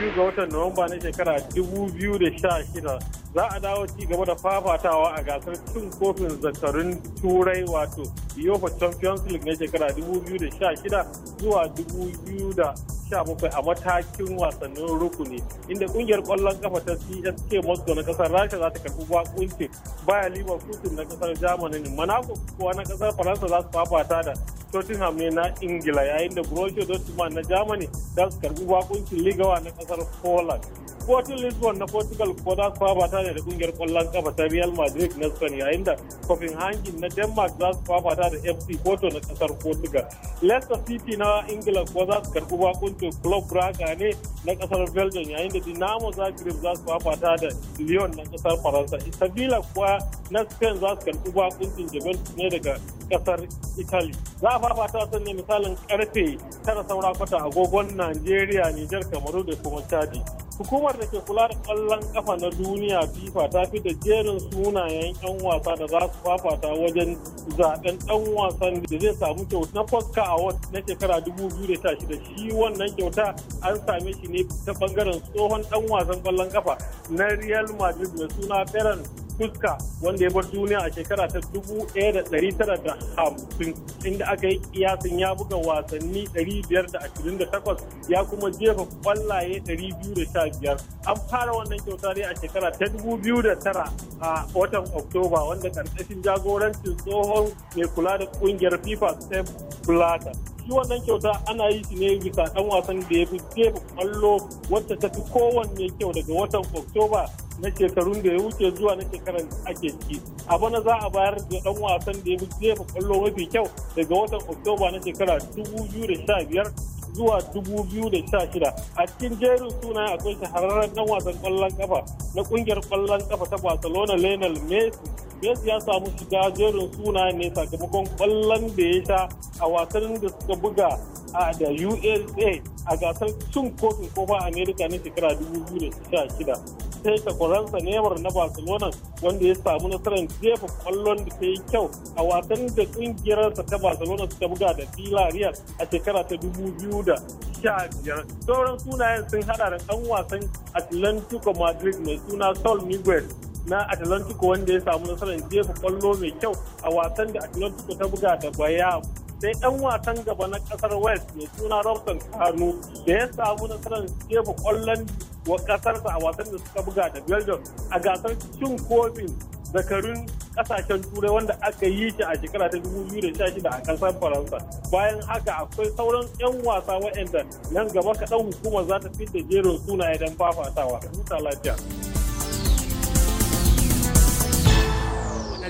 biyu ga watan Nuwamba na shekara 2016 za a dawo ci gaba da fafatawa a gasar cin kofin zakarun turai wato UEFA Champions League na shekara 2016 zuwa bakwai a matakin wasannin rukuni inda kungiyar kwallon kafa ta CSK Moscow na kasar Rasha za ta karbi bakuncin Bayer Leverkusen na kasar Germany Monaco kuwa na kasar Faransa za su fafata da Tottenham ne na Ingila yayin da Borussia Dortmund na Germany za su karbi bakuncin ligawa na kasar Poland. Sporting Lisbon na Portugal ko za su fafata ne da kungiyar kwallon kafa ta Real Madrid na Spain yayin da Copenhagen na Denmark za su fafata da FC Porto na kasar Portugal. Leicester City na Ingila ko za su karbi bakuncin Club Braga ne na kasar belgium yayin da dinamo zagreb za su fafata da lyon na kasar faransa sevilla kuwa na spain za su karɓi bakuncin juventus ne daga kasar italy za a fafata sun ne misalin karfe tara saura kwata agogon najeriya nijar kamaru da kuma chadi Hukumar da ke kula da ƙwallon ƙafa na duniya FIFA ta fi da jerin sunayen 'yan wasa da za su fafata wajen zaɓen ɗan wasan da zai samu kyauta na Fosca Award na shekara 2016 shi wannan kyauta an same shi ne ta ɓangaren tsohon ɗan wasan ƙwallon ƙafa na Real Madrid mai suna Ferran fuska wanda ya bar duniya a shekara ta 1950 inda aka yi kiyasin ya buga wasanni 528 ya kuma jefa kwallaye 215 an fara wannan kyauta ne a shekara ta 2009 a watan oktoba wanda karkashin jagorancin tsohon mai kula da kungiyar fifa step blatter shi wannan kyauta ana yi shi ne bisa ɗan wasan da ya fi jefa kwallo wacce ta fi kowanne kyau daga watan oktoba na shekarun da ya wuce zuwa na shekarar ake ciki a bana za a bayar da dan wasan da ya fi jefa kwallo mafi kyau daga watan oktoba na shekara biyar zuwa dubu biyu da sha shida a cikin jerin suna akwai shahararren ɗan wasan kwallon kafa na ƙungiyar kwallon kafa ta barcelona lionel messi Yesu ya samu shiga jerin suna ne sakamakon kwallon da ya sha a wasannin da suka buga a da USA a gasar cin kofin kofa Amerika na shekara 2016. Sai takwaransa Neymar na Barcelona wanda ya samu nasarar jefa kwallon da ta yi kyau a wasan da kungiyarsa ta Barcelona suka buga da Villarreal a shekara ta 2015. Sauran sunayen sun hada da ɗan wasan Atlantico Madrid mai suna Sol Miguel na atlantico wanda ya samu nasarar jefa kwallo mai kyau a wasan da atlantico ta buga da bayan sai ɗan wasan gaba na kasar west mai suna robson kanu da ya samu nasarar jefa kwallon wa ƙasarsa a wasan da suka buga da belgium a gasar cin kofin zakarun kasashen turai wanda aka yi shi a shekara ta 2016 a kasar faransa bayan haka akwai sauran 'yan wasa waɗanda nan gaba kaɗan hukumar za ta fi da jerin suna idan fafatawa huta lafiya